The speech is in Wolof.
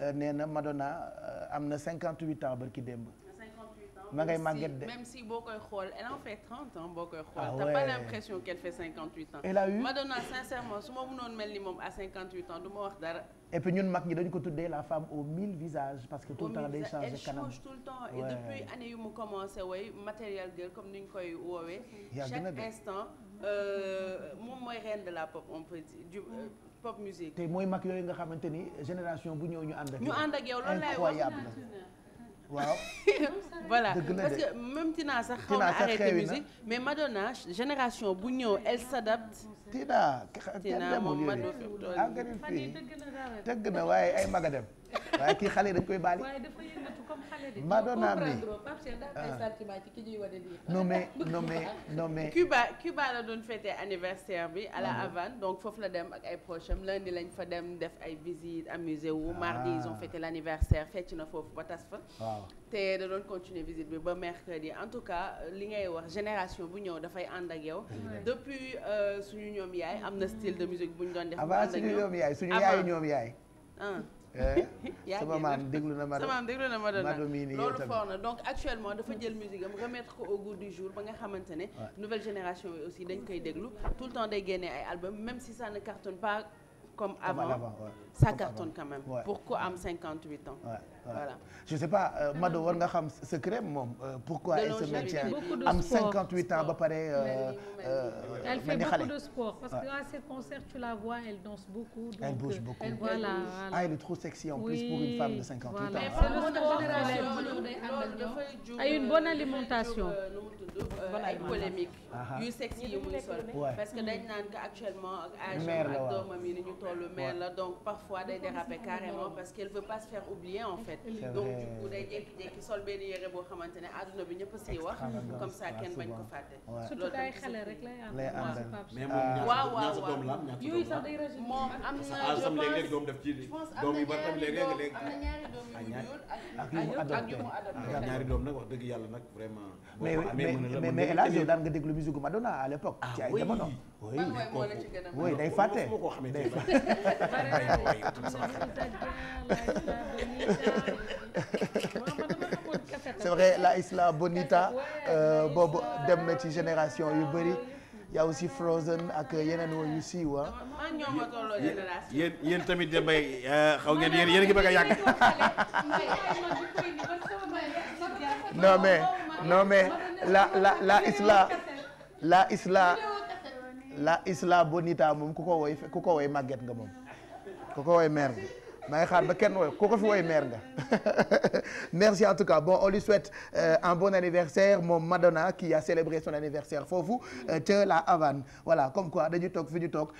Euh, nee na Madonna euh, am na 58 ans barki démb. ma ngay màgget de même si boo koy xool elle en fait 30 ans boo koy xool. Ah t'as pas l'impression qu'elle fait 58 ans. elle a eu Madonna sincèrement su ma mënoon mel ni moom à 58 ans du ma wax dara. et puis ñun mag ñi dañu ko tuddee la femme aux mille parce que tout le temps day changer kanam elle change tout le temps et depuis année yu mu commencé way matériel girl comme ni ñu koy woowee. chaque instant. Euh, moom mooy reine de la pop on peut dire du euh, pop musique. te mooy mag yooyu nga xamante ni génération bu ñëw ñu ànd ak. ñu ànd ak yow loolu lay wax waaw voilà parce que même Tina sax xaw na arrêté musique mais Madonna génération bu ñëw elle s'adapte. Tina kenn demul yooyu Tina moom Madonna. ah nga ni fii tëgg na waaye ay maga dem. waaye kii xale dañ koy baali. waaye dafa yëngatu comme xale de. Madonna mi non mais non mais non mais. Cuba Cuba la doon fêté anniversaire bi à la ah Havane donc foofu la dem ak ay proches am lundi lañ fa dem def ay visites amusé wu. Ah. mardi ils ont fêté l' anniversaire fecc na foofu ba tas fa. te da doon continuer visite bi ba mercredi en tout cas li ngay wax génération bu ñëw dafay ànd ak yow. depuis euh, suñu ñoom yaay am na style de musique bu ñu doon def. bu ànd ak ñoom avant suñu ñoom yaay ñoom yaay. Ah. Eh? sama maam déglu na Madonna sama maam déglu na Madonna loolu fort na donc actuellement dafa jël musique am ko au goût du jour ba nga xamante ne nouvelle génération yi aussi dañ koy déglu tout le temps day génnee ay album même si ça ne cartonne pas comme avant, comme avant ouais. ça comme pourquoi am 58 ans. Ouais. voilà je sais pas euh, Mado war secret euh, pourquoi elle se maintient am ans ba pare. Euh, elle fait beaucoup de sport parce que à ses tu la vois elle danse beaucoup. Donc elle bouge beaucoup Ah, elle est en plus voilà. ans. a ah, une bonne alimentation. Euh, ay polémique yu sexe yi muy sol parce que dañ naan que actuellement ak âge ak doomam yi ni ñu toll mère la donc parfois day déraper carrément parce qu'elle veut pas se faire oublier en fait donc du coup day jékki-jékki sol benn yére boo xamante ne àdduna bi ñëpp siy wax comme ça kenn bañ ko fàtte surtout day xale rek lay am ah. waaw waaw waaw yooyu sax day rajouter moom am na je pense am na ñaari doom yu mu jur ak yu mu adopté ak ñaari doom nag wax dëgg yàlla nag vraiment mais El Hadj yow daan nga déglu musique Madonna à l'époque. day fàtte day fàtte. c'est vrai la Isla Bonita boobu dem na ci génération yu bëri. y a aussi Frozen ak yeneen woo yu siiw ah. yéen yéen tamit de mbay xaw ngeen yéen yéen ngi bëgg non mais non mais. la la la isla la isla la isla bonita moom ku ko woy ku ko woy màgget nga moom ku ko woy meer nga maa ngi xaar ba kenn woy ku ko fi woy meer nga merci en tout cas bon on lui souhaite euh, un bon anniversaire moom Madonna qui a célébré son anniversaire foofu ca euh, la Havane voilà comme quoi dañu toog fi ñu toog